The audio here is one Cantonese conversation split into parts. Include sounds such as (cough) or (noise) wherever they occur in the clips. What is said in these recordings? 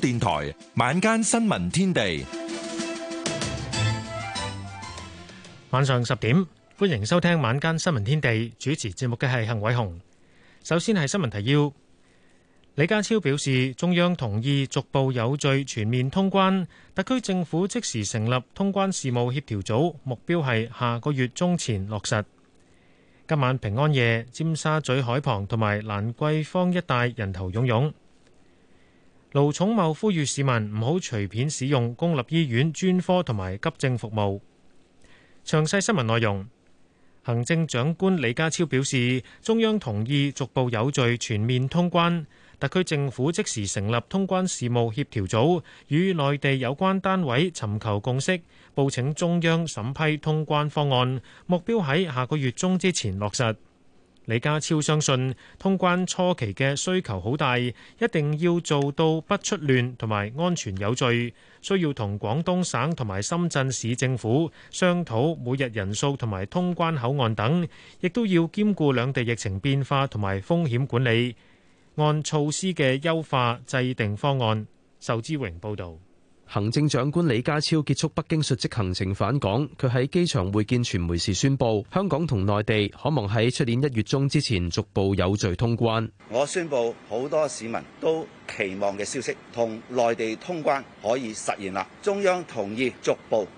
電台晚，晚間新聞天地，晚上十點歡迎收聽晚間新聞天地。主持節目嘅係幸偉雄。首先係新聞提要。李家超表示，中央同意逐步有序全面通關，特區政府即時成立通關事務協調組，目標係下個月中前落實。今晚平安夜，尖沙咀海旁同埋蘭桂坊一帶人頭湧湧。盧寵茂呼籲市民唔好隨便使用公立醫院專科同埋急症服務。詳細新聞內容，行政長官李家超表示，中央同意逐步有序全面通關，特區政府即時成立通關事務協調組，與內地有關單位尋求共識，報請中央審批通關方案，目標喺下個月中之前落實。李家超相信，通關初期嘅需求好大，一定要做到不出亂同埋安全有序。需要同廣東省同埋深圳市政府商討每日人數同埋通關口岸等，亦都要兼顧兩地疫情變化同埋風險管理，按措施嘅優化制定方案。仇之榮報道。行政長官李家超結束北京述職行程返港，佢喺機場會見傳媒時宣布，香港同內地可望喺出年一月中之前逐步有序通關。我宣布好多市民都期望嘅消息，同內地通關可以實現啦。中央同意逐步，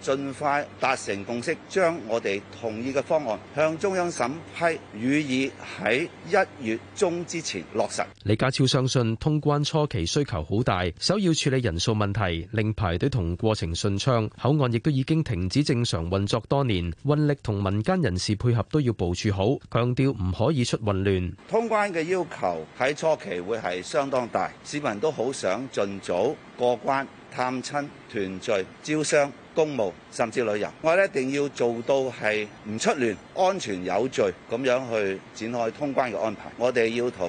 盡快達成共識，將我哋同意嘅方案向中央審批，予以喺一月中之前落實。李家超相信通關初期需求好大，首要處理人數問題，令排隊同過程順暢。口岸亦都已經停止正常運作多年，運力同民間人士配合都要部署好，強調唔可以出混亂。通關嘅要求喺初期會係相當大，市民都好想盡早過關探親團聚招商。公務甚至旅遊，我哋一定要做到係唔出亂，安全有序咁樣去展開通關嘅安排。我哋要同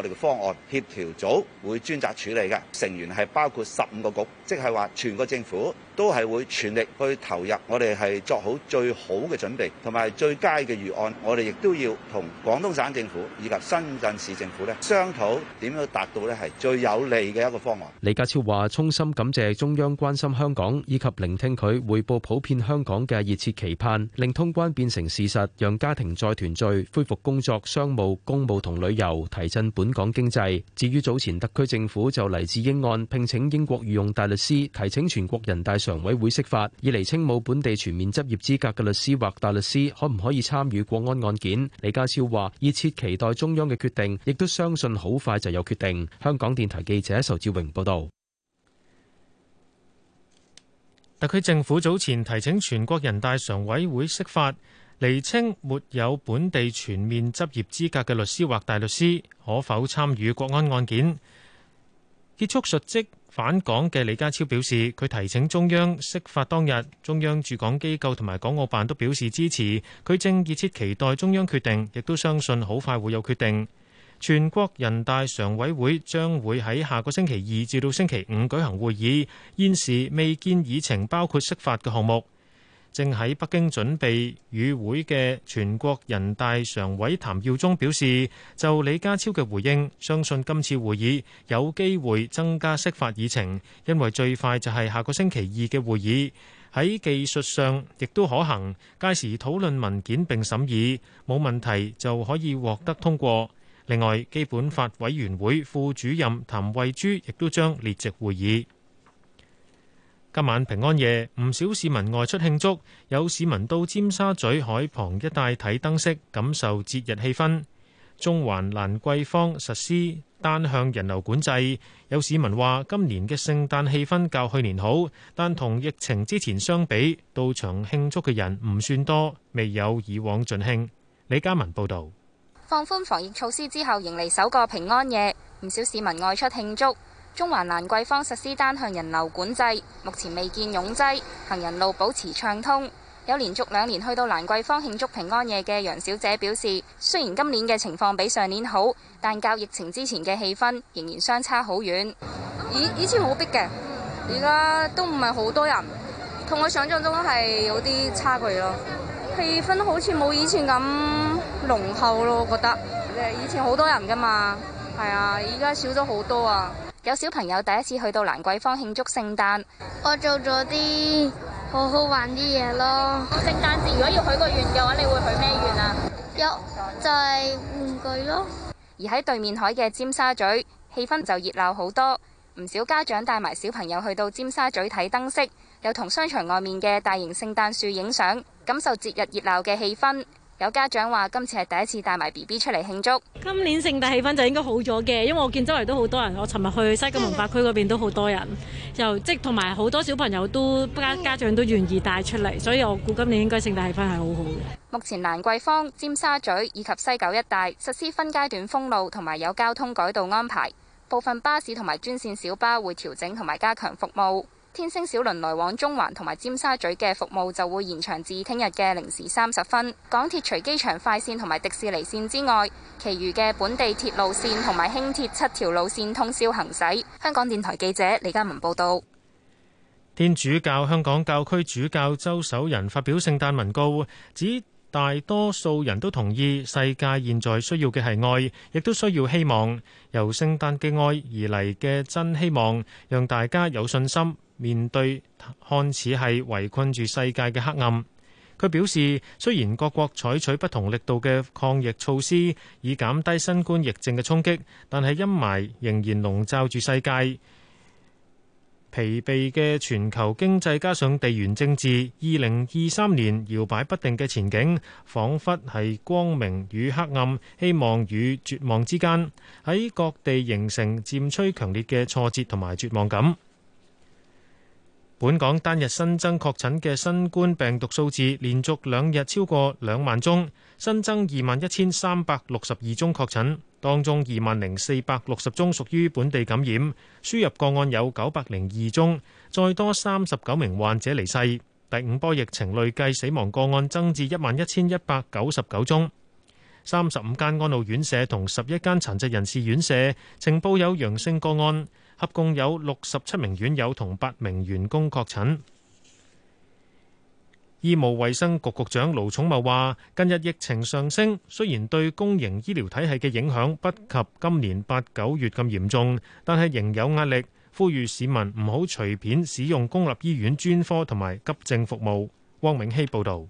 我哋嘅方案協調組會專責處理嘅成員係包括十五個局，即係話，全國政府都係會全力去投入。我哋係做好最好嘅準備同埋最佳嘅預案。我哋亦都要同廣東省政府以及深圳市政府咧商討點樣達到咧係最有利嘅一個方案。李家超話衷心感謝中央關心香港，以及聆聽佢匯報普遍香港嘅熱切期盼，令通關變成事實，讓家庭再團聚，恢復工作、商務、公務同旅遊，提振本。香港經濟。至於早前特區政府就黎智英案聘請英國御用大律師，提請全國人大常委會釋法，以釐清冇本地全面執業資格嘅律師或大律師可唔可以參與國安案件。李家超話：熱切期待中央嘅決定，亦都相信好快就有決定。香港電台記者仇志榮報道。特區政府早前提請全國人大常委會釋法。釐清沒有本地全面執業資格嘅律師或大律師可否參與國安案件。結束述職返港嘅李家超表示，佢提請中央釋法當日，中央駐港機構同埋港澳辦都表示支持。佢正熱切期待中央決定，亦都相信好快會有決定。全國人大常委會將會喺下個星期二至到星期五舉行會議，現時未見議程包括釋法嘅項目。正喺北京準備與會嘅全國人大常委譚耀，耀宗表示，就李家超嘅回應，相信今次會議有機會增加釋法議程，因為最快就係下個星期二嘅會議，喺技術上亦都可行，屆時討論文件並審議，冇問題就可以獲得通過。另外，基本法委員會副主任譚惠珠亦都將列席會議。今晚平安夜，唔少市民外出慶祝，有市民到尖沙咀海旁一帶睇燈飾，感受節日氣氛。中環蘭桂坊實施單向人流管制，有市民話今年嘅聖誕氣氛較去年好，但同疫情之前相比，到場慶祝嘅人唔算多，未有以往盡興。李嘉文報道，放寬防疫措施之後，迎嚟首個平安夜，唔少市民外出慶祝。中環蘭桂坊實施單向人流管制，目前未見擁擠，行人路保持暢通。有連續兩年去到蘭桂坊慶祝平安夜嘅楊小姐表示，雖然今年嘅情況比上年好，但較疫情之前嘅氣氛仍然相差好遠。以以前好逼嘅，而家都唔係好多人，同我想象中係有啲差距咯。氣氛好似冇以前咁濃厚咯，我覺得以前好多人㗎嘛，係啊，而家少咗好多啊。有小朋友第一次去到蘭桂坊慶祝聖誕，我做咗啲好好玩啲嘢咯。我聖誕節如果要許個願嘅話，你會許咩願啊？有就係玩具咯。而喺對面海嘅尖沙咀氣氛就熱鬧好多，唔少家長帶埋小朋友去到尖沙咀睇燈飾，又同商場外面嘅大型聖誕樹影相，感受節日熱鬧嘅氣氛。有家長話今次係第一次帶埋 B B 出嚟慶祝。今年聖誕氣氛就應該好咗嘅，因為我見周圍都好多人。我尋日去西九文化區嗰邊都好多人，又即同埋好多小朋友都家家長都願意帶出嚟，所以我估今年應該聖誕氣氛係好好嘅。目前蘭桂坊、尖沙咀以及西九一帶實施分階段封路，同埋有交通改道安排，部分巴士同埋專線小巴會調整同埋加強服務。天星小輪來往中環同埋尖沙咀嘅服務就會延長至聽日嘅零時三十分。港鐵除機場快線同埋迪士尼線之外，其餘嘅本地鐵路線同埋輕鐵七條路線通宵行駛。香港電台記者李嘉文報道。天主教香港教區主教周守仁發表聖誕文告，指大多數人都同意世界現在需要嘅係愛，亦都需要希望。由聖誕嘅愛而嚟嘅真希望，讓大家有信心。面對看似係圍困住世界嘅黑暗，佢表示，雖然各國採取不同力度嘅抗疫措施，以減低新冠疫症嘅衝擊，但係陰霾仍然籠罩住世界。疲憊嘅全球經濟，加上地緣政治，二零二三年搖擺不定嘅前景，彷彿係光明與黑暗、希望與絕望之間，喺各地形成漸趨強烈嘅挫折同埋絕望感。本港單日新增確診嘅新冠病毒數字連續兩日超過兩萬宗，新增二萬一千三百六十二宗確診，當中二萬零四百六十宗屬於本地感染，輸入個案有九百零二宗，再多三十九名患者離世。第五波疫情累計死亡個案增至一萬一千一百九十九宗。三十五間安老院舍同十一間殘疾人士院舍呈報有陽性個案。合共有六十七名院友同八名員工確診。醫務衛生局局長盧寵茂話，近日疫情上升，雖然對公營醫療體系嘅影響不及今年八九月咁嚴重，但係仍有壓力。呼籲市民唔好隨便使用公立醫院專科同埋急症服務。汪永熙報道。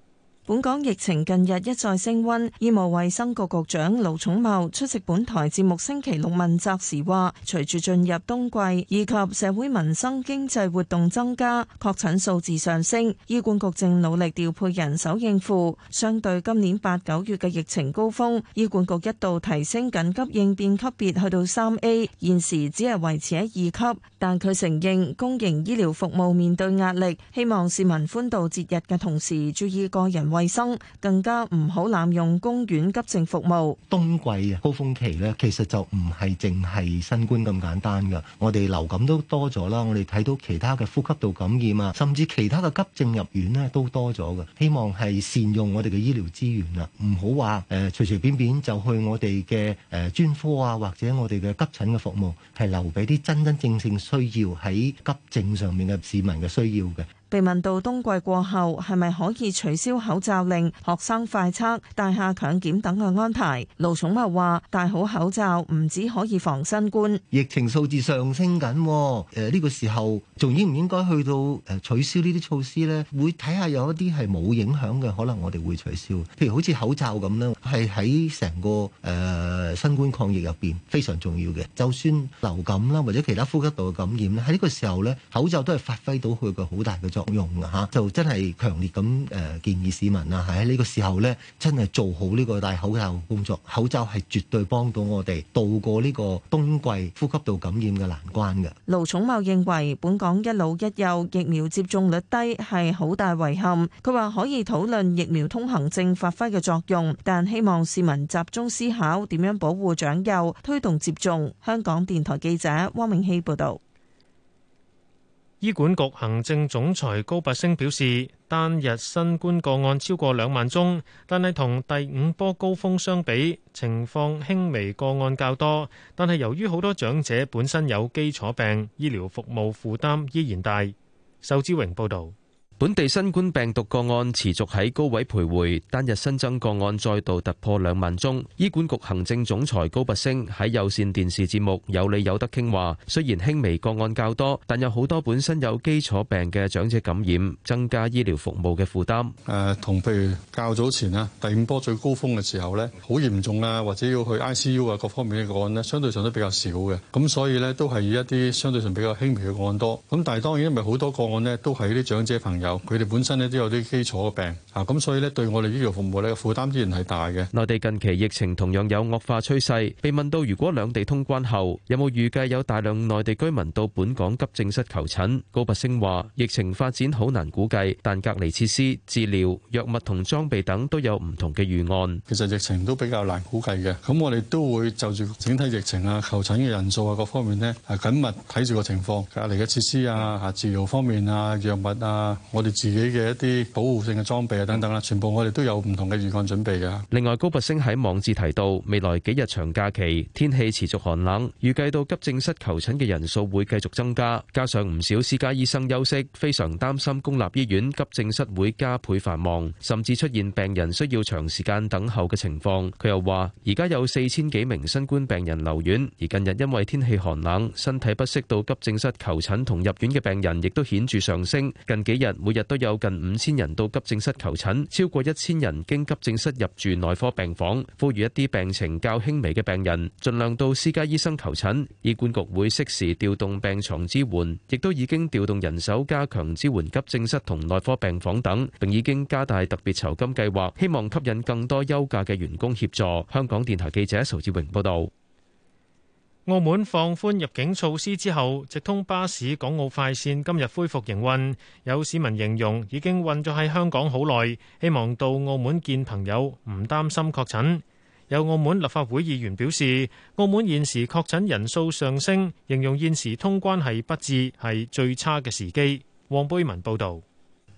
本港疫情近日一再升溫，醫務衛生局局長盧寵茂出席本台節目星期六問責時話：隨住進入冬季以及社會民生經濟活動增加，確診數字上升，醫管局正努力調配人手應付。相對今年八九月嘅疫情高峰，醫管局一度提升緊急應變級別去到三 A，現時只係維持喺二級。但佢承認公營醫療服務面對壓力，希望市民歡度節日嘅同時，注意個人衛。衛生更加唔好濫用公園急症服務。冬季高峰期呢，其實就唔係淨係新冠咁簡單噶。我哋流感都多咗啦，我哋睇到其他嘅呼吸道感染啊，甚至其他嘅急症入院呢，都多咗嘅。希望係善用我哋嘅醫療資源啊，唔好話誒，隨隨便便就去我哋嘅誒專科啊，或者我哋嘅急診嘅服務，係留俾啲真真正正需要喺急症上面嘅市民嘅需要嘅。被問到冬季過後係咪可以取消口罩令、學生快測、大廈強檢等嘅安排，盧寵茂話：戴好口罩唔止可以防新冠，疫情數字上升緊，誒、呃、呢、呢個時候仲應唔應該去到誒取消呢啲措施呢？會睇下有一啲係冇影響嘅，可能我哋會取消。譬如好似口罩咁呢，係喺成個誒、呃、新冠抗疫入邊非常重要嘅。就算流感啦或者其他呼吸道嘅感染咧，喺呢個時候呢，口罩都係發揮到佢嘅好大嘅作用。用嘅嚇就真係強烈咁誒建議市民啊，喺呢個時候呢，真係做好呢個戴口罩工作。口罩係絕對幫到我哋渡過呢個冬季呼吸道感染嘅難關嘅。盧寵茂認為，本港一老一幼疫苗接種率低係好大遺憾。佢話可以討論疫苗通行證發揮嘅作用，但希望市民集中思考點樣保護長幼，推動接種。香港電台記者汪明熙報導。醫管局行政總裁高拔升表示，單日新冠個案超過兩萬宗，但係同第五波高峰相比，情況輕微，個案較多，但係由於好多長者本身有基礎病，醫療服務負擔依然大。仇志榮報道。本地新冠病毒個案持續喺高位徘徊，單日新增個案再度突破兩萬宗。醫管局行政總裁高拔升喺有綫電視節目《有理有得傾》話，雖然輕微個案較多，但有好多本身有基礎病嘅長者感染，增加醫療服務嘅負擔。誒，同譬如較早前啊，第五波最高峰嘅時候咧，好嚴重啊，或者要去 I C U 啊，各方面嘅個案咧，相對上都比較少嘅。咁所以咧，都係以一啲相對上比較輕微嘅個案多。咁但係當然，因為好多個案咧，都係啲長者朋友。佢哋本身呢都有啲基礎嘅病吓，咁所以呢對我哋醫療服務呢負擔依然係大嘅。內地近期疫情同樣有惡化趨勢。被問到如果兩地通關後，有冇預計有大量內地居民到本港急症室求診？高拔昇話：疫情發展好難估計，但隔離設施、治療藥物同裝備等都有唔同嘅預案。其實疫情都比較難估計嘅，咁我哋都會就住整體疫情啊、求診嘅人數啊各方面呢，係緊密睇住個情況，隔離嘅設施啊、吓治療方面啊、藥物啊。我哋自己嘅一啲保護性嘅裝備啊，等等啦，全部我哋都有唔同嘅預案準備嘅。另外，高拔陞喺網誌提到，未來幾日長假期天氣持續寒冷，預計到急症室求診嘅人數會繼續增加，加上唔少私家醫生休息，非常擔心公立醫院急症室會加倍繁忙，甚至出現病人需要長時間等候嘅情況。佢又話：而家有四千幾名新冠病人留院，而近日因為天氣寒冷，身體不適到急症室求診同入院嘅病人亦都顯著上升。近幾日每每日都有近五千人到急症室求診，超過一千人經急症室入住內科病房。呼籲一啲病情較輕微嘅病人，盡量到私家醫生求診。醫管局會適時調動病床支援，亦都已經調動人手加強支援急症室同內科病房等，並已經加大特別酬金計劃，希望吸引更多休假嘅員工協助。香港電台記者仇志榮報道。澳門放寬入境措施之後，直通巴士港澳快綫今日恢復營運。有市民形容已經運咗喺香港好耐，希望到澳門見朋友，唔擔心確診。有澳門立法會議員表示，澳門現時確診人數上升，形容現時通關係不至係最差嘅時機。黃貝文報道。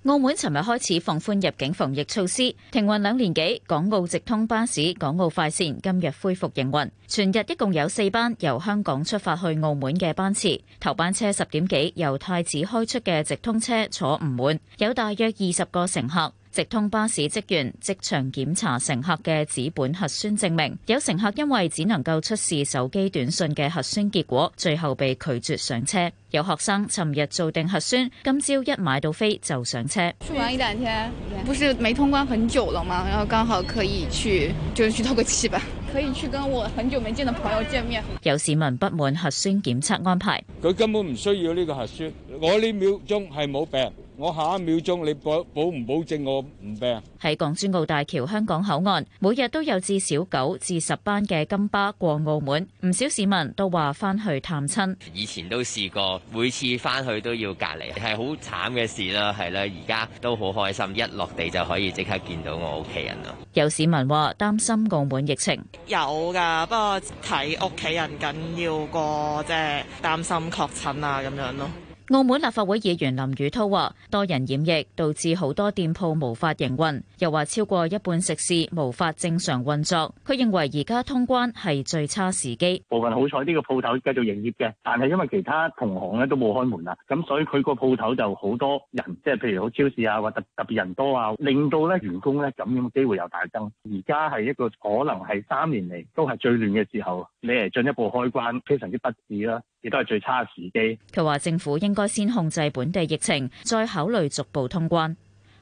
澳門尋日開始放寬入境防疫措施，停運兩年幾，港澳直通巴士港澳快線今日恢復營運。全日一共有四班由香港出發去澳門嘅班次，頭班車十點幾由太子開出嘅直通車坐唔滿，有大約二十個乘客。直通巴士職員即場檢查乘客嘅紙本核酸證明，有乘客因為只能夠出示手機短信嘅核酸結果，最後被拒絕上車。有學生尋日做定核酸，今朝一買到飛就上車。去玩一兩天，不是沒通關很久了嗎？然後剛好可以去，就去透個氣吧，可以去跟我很久沒見的朋友見面。有市民不滿核酸檢測安排，佢根本唔需要呢個核酸，我呢秒鐘係冇病。我下一秒鐘，你保保唔保證我唔病？喺港珠澳大橋香港口岸，每日都有至少九至十班嘅金巴過澳門，唔少市民都話翻去探親。以前都試過，每次翻去都要隔離，係好慘嘅事啦，係啦。而家都好開心，一落地就可以即刻見到我屋企人啦。有市民話擔心澳門疫情，有㗎，不過睇屋企人緊要過，即係擔心確診啊，咁樣咯。澳門立法會議員林宇滔話：多人染疫，導致好多店鋪無法營運，又話超過一半食肆無法正常運作。佢認為而家通關係最差時機。部分好彩呢個鋪頭繼續營業嘅，但係因為其他同行咧都冇開門啦，咁所以佢個鋪頭就好多人，即係譬如好超市啊或特特別人多啊，令到咧員工咧咁樣嘅機會又大增。而家係一個可能係三年嚟都係最亂嘅時候，你嚟進一步開關，非常之不智啦。亦都係最差嘅時機。佢話，政府應該先控制本地疫情，再考慮逐步通關。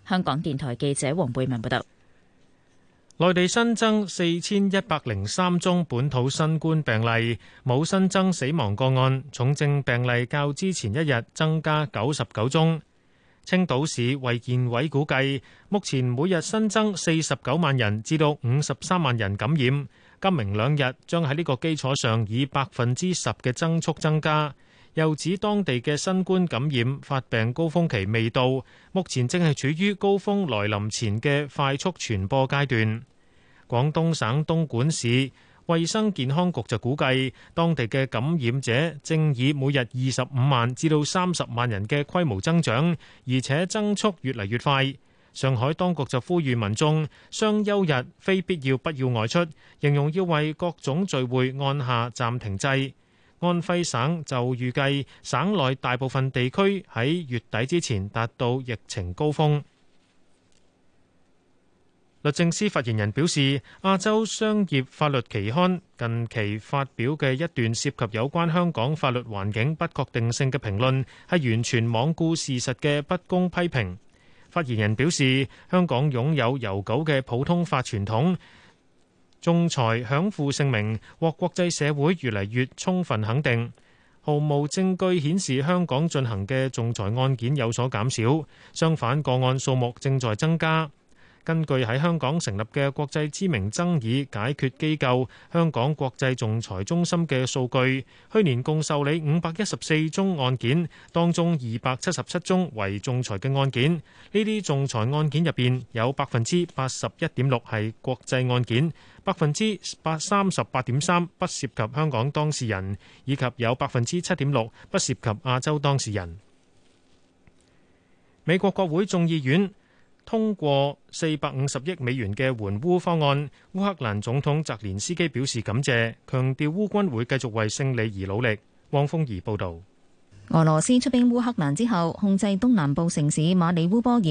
香港電台記者黃貝文報道。內地新增四千一百零三宗本土新冠病例，冇新增死亡個案，重症病例較之前一日增加九十九宗。青島市衛健委估計，目前每日新增四十九萬人至到五十三萬人感染。今明兩日將喺呢個基礎上以百分之十嘅增速增加。又指當地嘅新冠感染發病高峰期未到，目前正係處於高峰來臨前嘅快速傳播階段。廣東省東莞市衛生健康局就估計，當地嘅感染者正以每日二十五萬至到三十萬人嘅規模增長，而且增速越嚟越快。上海當局就呼籲民眾雙休日非必要不要外出，形容要為各種聚會按下暫停掣。安徽省就預計省內大部分地區喺月底之前達到疫情高峰。律政司發言人表示，亞洲商業法律期刊近期發表嘅一段涉及有關香港法律環境不確定性嘅評論，係完全罔顧事實嘅不公批評。發言人表示，香港擁有悠久嘅普通法傳統，仲裁享負盛名，獲國際社會越嚟越充分肯定。毫無證據顯示香港進行嘅仲裁案件有所減少，相反，個案數目正在增加。根據喺香港成立嘅國際知名爭議解決機構香港國際仲裁中心嘅數據，去年共受理五百一十四宗案件，當中二百七十七宗為仲裁嘅案件。呢啲仲裁案件入邊有百分之八十一點六係國際案件，百分之三十八點三不涉及香港當事人，以及有百分之七點六不涉及亞洲當事人。美國國會眾議院通過四百五十億美元嘅援烏方案，烏克蘭總統澤連斯基表示感謝，強調烏軍會繼續為勝利而努力。汪峰怡報道。俄羅斯出兵烏克蘭之後，控制東南部城市馬里烏波爾。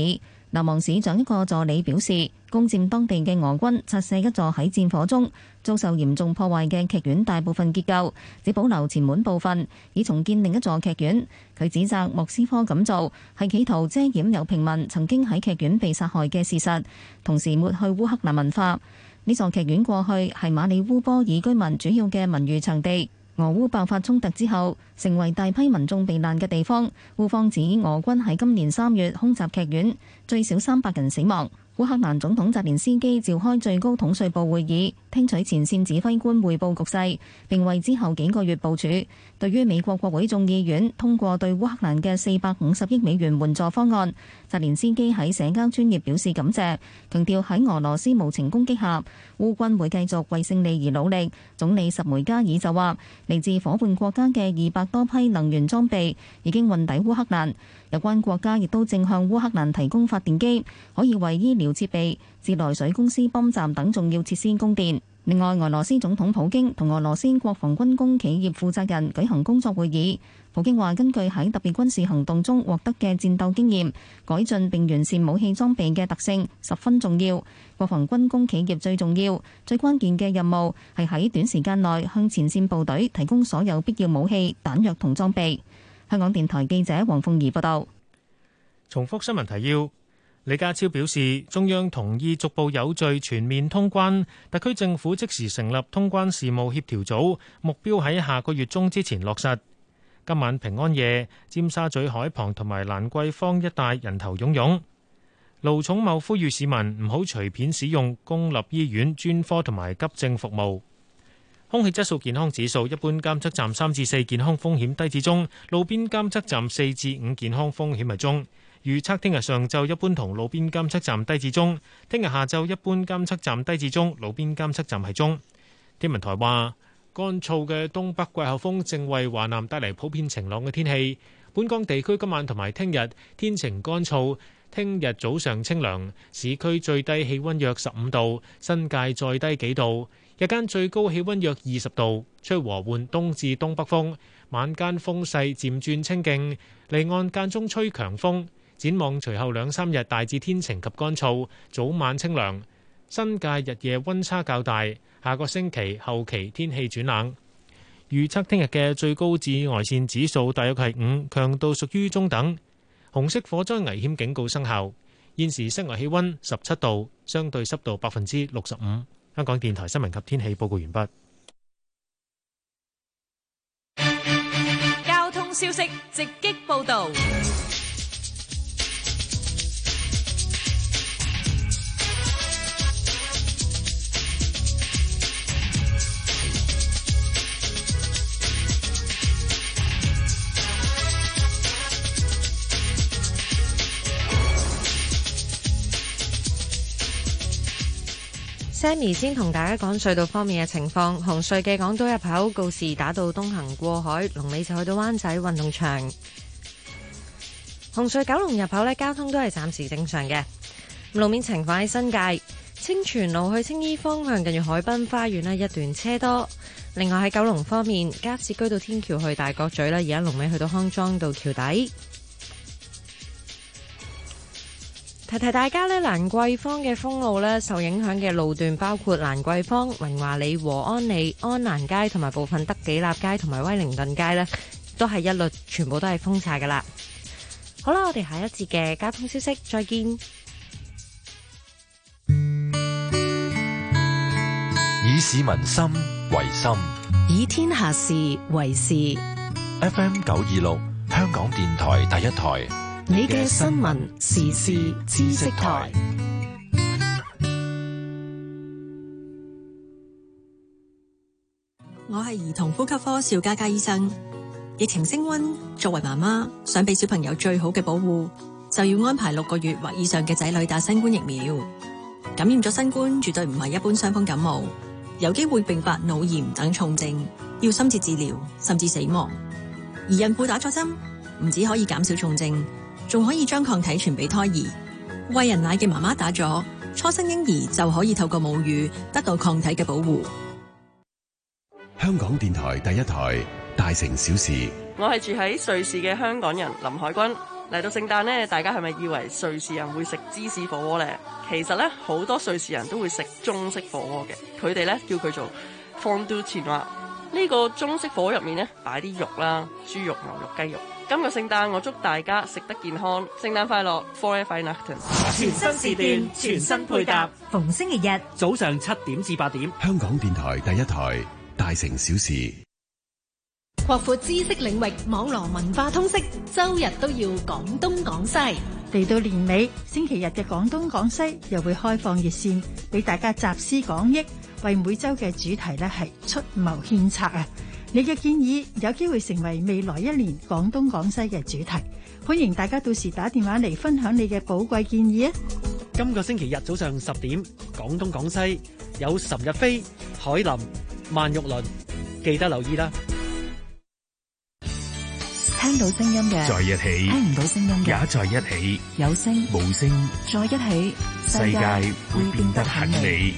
流亡市長一個助理表示，攻佔當地嘅俄軍拆卸一座喺戰火中遭受嚴重破壞嘅劇院，大部分結構只保留前門部分，以重建另一座劇院。佢指責莫斯科咁做係企圖遮掩有平民曾經喺劇院被殺害嘅事實，同時抹去烏克蘭文化。呢座劇院過去係馬里烏波爾居民主要嘅文娛場地。俄烏爆發衝突之後，成為大批民眾避難嘅地方。烏方指俄軍喺今年三月空襲劇院，最少三百人死亡。烏克蘭總統澤連斯基召開最高統帥部會議，聽取前線指揮官匯報局勢，並為之後幾個月部署。對於美國國會眾議院通過對烏克蘭嘅四百五十億美元援助方案，澤連斯基喺社交專業表示感謝，強調喺俄羅斯無情攻擊下，烏軍會繼續為勝利而努力。總理什梅加爾就話，嚟自夥伴國家嘅二百多批能源裝備已經運抵烏克蘭，有關國家亦都正向烏克蘭提供發電機，可以為醫療。設備、自來水公司泵站等重要設施供電。另外，俄羅斯總統普京同俄羅斯國防軍工企業負責人舉行工作會議。普京話：根據喺特別軍事行動中獲得嘅戰鬥經驗，改進並完善武器裝備嘅特性十分重要。國防軍工企業最重要、最關鍵嘅任務係喺短時間內向前線部隊提供所有必要武器、彈藥同裝備。香港電台記者黃鳳儀報道。重複新聞提要。李家超表示，中央同意逐步有序全面通關，特區政府即時成立通關事務協調組，目標喺下個月中之前落實。今晚平安夜，尖沙咀海旁同埋蘭桂坊一帶人頭涌涌，盧寵茂呼籲市民唔好隨便使用公立醫院專科同埋急症服務。空氣質素健康指數一般監測站三至四健康風險低至中，路邊監測站四至五健康風險為中。預測聽日上晝一般同路邊監測站低至中，聽日下晝一般監測站低至中，路邊監測站係中。天文台話，乾燥嘅東北季候風正為華南帶嚟普遍晴朗嘅天氣。本港地區今晚同埋聽日天晴乾燥，聽日早上清涼，市區最低氣温約十五度，新界再低幾度，日間最高氣温約二十度，吹和緩東至東北風，晚間風勢漸轉清勁，離岸間中吹強風。展望隨後兩三日大致天晴及乾燥，早晚清涼。新界日夜溫差較大，下個星期後期天氣轉冷。預測聽日嘅最高紫外線指數大約係五，強度屬於中等，紅色火災危險警告生效。現時室外氣溫十七度，相對濕度百分之六十五。嗯、香港電台新聞及天氣報告完畢。嗯、交通消息直擊報道。Sammy 先同大家講隧道方面嘅情況。紅隧嘅港島入口告士打道東行過海，龍尾就去到灣仔運動場。紅隧九龍入口咧，交通都係暫時正常嘅。路面情況喺新界清泉路去青衣方向近，近住海濱花園咧一段車多。另外喺九龍方面，加士居道天橋去大角咀咧，而家龍尾去到康莊道橋底。提提大家咧，蘭桂坊嘅封路咧，受影響嘅路段包括蘭桂坊、榮華里和安里、安蘭街同埋部分德己立街同埋威靈頓街咧，都係一律全部都係封晒噶啦。好啦，我哋下一節嘅交通消息，再見。以市民心為心，以天下事為事。F M 九二六，香港電台第一台。你嘅新聞時事知識台，我係兒童呼吸科邵嘉嘉醫生。疫情升温，作為媽媽想俾小朋友最好嘅保護，就要安排六個月或以上嘅仔女打新冠疫苗。感染咗新冠，絕對唔係一般傷風感冒，有機會併發腦炎等重症，要深切治療甚至死亡。而孕婦打咗針，唔止可以減少重症。仲可以將抗體傳俾胎兒，喂人奶嘅媽媽打咗，初生嬰兒就可以透過母乳得到抗體嘅保護。香港電台第一台，大城小事。我係住喺瑞士嘅香港人林海軍。嚟到聖誕呢，大家係咪以為瑞士人會食芝士火鍋呢？其實呢，好多瑞士人都會食中式火鍋嘅，佢哋呢，叫佢做 fondue chinoise，呢個中式火鍋入面呢，擺啲肉啦，豬肉、牛肉、雞肉。今日聖誕，我祝大家食得健康，聖誕快樂！For a fine afternoon，全新時段，全新配搭，逢星期日早上七點至八點，香港電台第一台《大城小事》，擴闊知識領域，網羅文化通識，周日都要講東講西。嚟到年尾，星期日嘅《講東講西》又會開放熱線，俾大家集思廣益。為每周嘅主題呢，係出謀獻策啊！你嘅建議有機會成為未來一年廣東廣西嘅主題，歡迎大家到時打電話嚟分享你嘅寶貴建議啊！今個星期日早上十點，廣東廣西有岑日飛、海林、萬玉倫，記得留意啦！聽到聲音嘅在一起，聽唔到聲音嘅也在一起，有聲無聲在一起，世界會變得很美。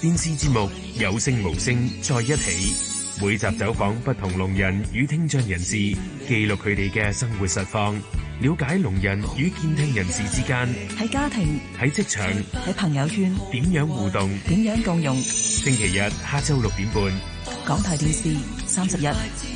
電視節目有聲無聲在一起。每集走訪不同聾人與聽障人士，記錄佢哋嘅生活實況，了解聾人與健聽人士之間喺家庭、喺職場、喺朋友圈點樣互動，點樣共融。星期日下晝六點半，港台電視三十一。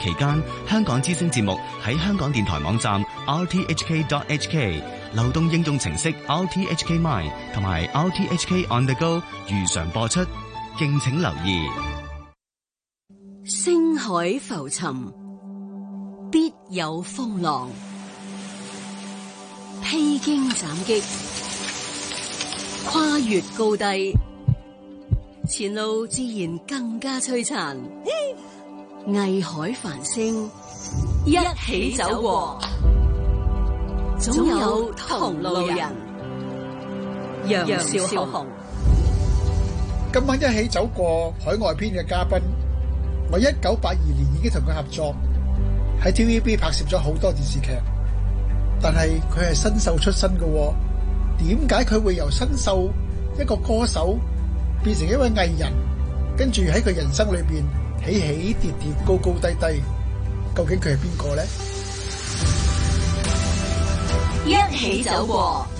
期間，香港之聲節目喺香港電台網站 rthk.hk、流動應用程式 rthk mine 同埋 rthk on the go 如常播出，敬請留意。星海浮沉，必有風浪；披荊斬棘，跨越高低，前路自然更加璀璨。 (laughs) 藝海繁星，一起走過，總有同路人。楊少紅，今晚一起走過海外篇嘅嘉賓，我一九八二年已經同佢合作，喺 TVB 拍攝咗好多電視劇，但係佢係新秀出身嘅，點解佢會由新秀一個歌手變成一位藝人？跟住喺佢人生裏邊。起起跌跌，高高低低，究竟佢係邊個咧？一起走過。